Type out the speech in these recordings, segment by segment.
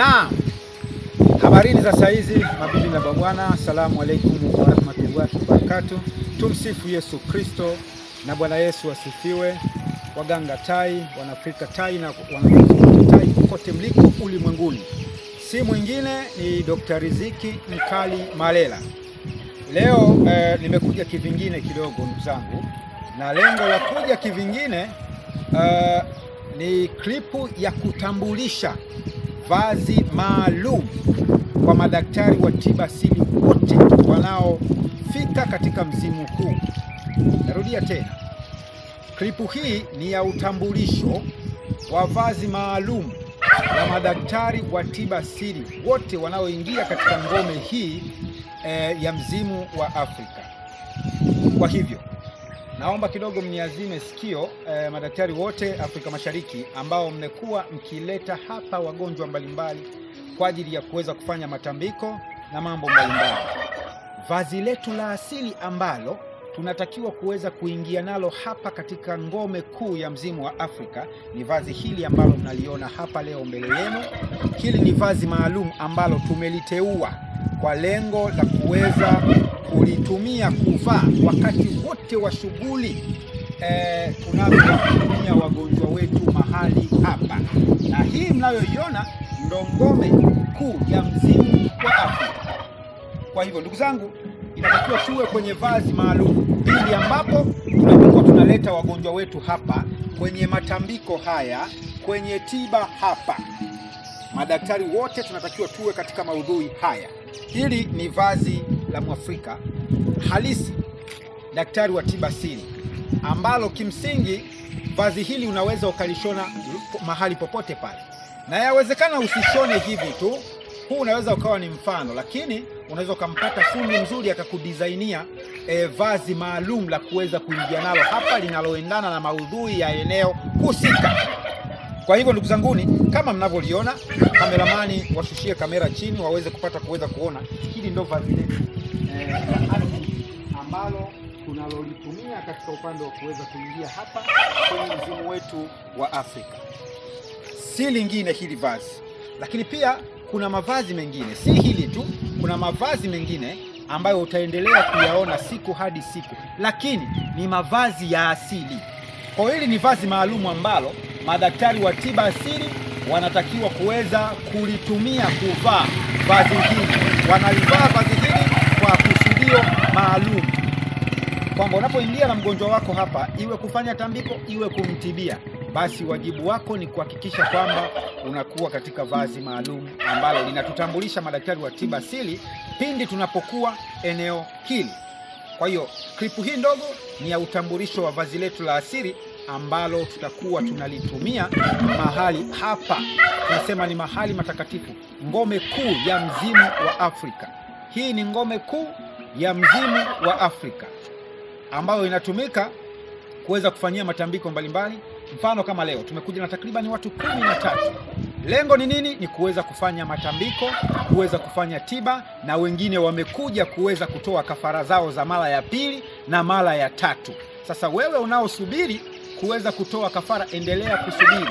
Na habarini za hizi mabibi na mabwana, asalamu alaikum warahmatullahi wabarakatu Tumsifu Yesu Kristo na Bwana Yesu asifiwe. Waganga tai, wanafrika tai na wanafrika tai kote mliko ulimwenguni, si mwingine ni Dr. Riziki Mkali Malela. Leo eh, nimekuja kivingine kidogo ndugu zangu, na lengo la kuja kivingine eh, ni klipu ya kutambulisha vazi maalum kwa madaktari wa tiba asili wote wanaofika katika msimu huu. Narudia tena, klipu hii ni ya utambulisho wa vazi maalum na madaktari wa tiba asili wote wanaoingia katika ngome hii eh, ya mzimu wa Afrika. Kwa hivyo Naomba kidogo mniazime sikio eh, madaktari wote Afrika Mashariki ambao mmekuwa mkileta hapa wagonjwa mbalimbali kwa ajili ya kuweza kufanya matambiko na mambo mbalimbali. Vazi letu la asili ambalo tunatakiwa kuweza kuingia nalo hapa katika ngome kuu ya mzimu wa Afrika ni vazi hili ambalo mnaliona hapa leo mbele yenu. Hili ni vazi maalum ambalo tumeliteua kwa lengo la kuweza kulitumia kuvaa wakati wote wa shughuli eh, tunavyohudumia wagonjwa wetu mahali hapa, na hii mnayoiona ndo ngome kuu ya mzimu wa afya. Kwa hivyo ndugu zangu, inatakiwa tuwe kwenye vazi maalum ili ambapo tunapokuwa tunaleta wagonjwa wetu hapa kwenye matambiko haya, kwenye tiba hapa, madaktari wote tunatakiwa tuwe katika maudhui haya. Hili ni vazi la Mwafrika halisi, daktari wa tiba asili, ambalo kimsingi vazi hili unaweza ukalishona mahali popote pale, na yawezekana usishone hivi tu. Huu unaweza ukawa ni mfano, lakini unaweza ukampata fundi mzuri akakudizainia e, vazi maalum la kuweza kuingia nalo hapa linaloendana na maudhui ya eneo husika. Kwa hivyo ndugu zanguni, kama mnavyoliona, kameramani washushie kamera chini waweze kupata kuweza kuona hili ndo vazi letu eh, ardhi ambalo tunalolitumia katika upande wa kuweza kuingia hapa kwenye mzimu wetu wa Afrika. Si lingine hili vazi, lakini pia kuna mavazi mengine, si hili tu, kuna mavazi mengine ambayo utaendelea kuyaona siku hadi siku, lakini ni mavazi ya asili. Kwa hili ni vazi maalumu ambalo madaktari wa tiba asili wanatakiwa kuweza kulitumia kuvaa vazi hili, wanalivaa vazi hili hiyo maalum kwamba unapoingia na mgonjwa wako hapa, iwe kufanya tambiko, iwe kumtibia, basi wajibu wako ni kuhakikisha kwamba unakuwa katika vazi maalum ambalo linatutambulisha madaktari wa tiba asili pindi tunapokuwa eneo hili. Kwa hiyo klipu hii ndogo ni ya utambulisho wa vazi letu la asili ambalo tutakuwa tunalitumia mahali hapa. Tunasema ni mahali matakatifu, ngome kuu ya mzimu wa Afrika. Hii ni ngome kuu ya mzimu wa Afrika ambayo inatumika kuweza kufanyia matambiko mbalimbali mbali. Mfano kama leo tumekuja na takribani watu kumi na tatu. Lengo ni nini? Ni kuweza kufanya matambiko, kuweza kufanya tiba, na wengine wamekuja kuweza kutoa kafara zao za mara ya pili na mara ya tatu. Sasa wewe unaosubiri kuweza kutoa kafara, endelea kusubiri.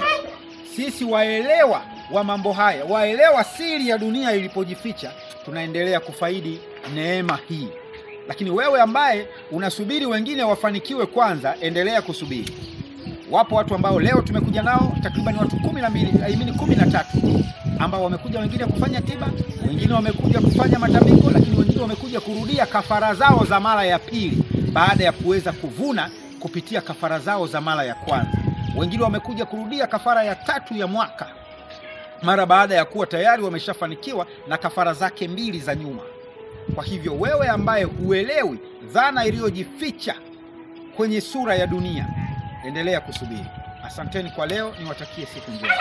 Sisi waelewa wa mambo haya, waelewa siri ya dunia ilipojificha, tunaendelea kufaidi neema hii. Lakini wewe ambaye unasubiri wengine wafanikiwe kwanza, endelea kusubiri. Wapo watu ambao leo tumekuja nao takriban watu kumi na mbili, I mean kumi na tatu ambao wamekuja wengine kufanya tiba, wengine wamekuja kufanya matambiko, lakini wengine wamekuja kurudia kafara zao za mara ya pili baada ya kuweza kuvuna kupitia kafara zao za mara ya kwanza. Wengine wamekuja kurudia kafara ya tatu ya mwaka mara baada ya kuwa tayari wameshafanikiwa na kafara zake mbili za nyuma. Kwa hivyo wewe ambaye huelewi dhana iliyojificha kwenye sura ya dunia, endelea kusubiri. Asanteni kwa leo, niwatakie siku njema.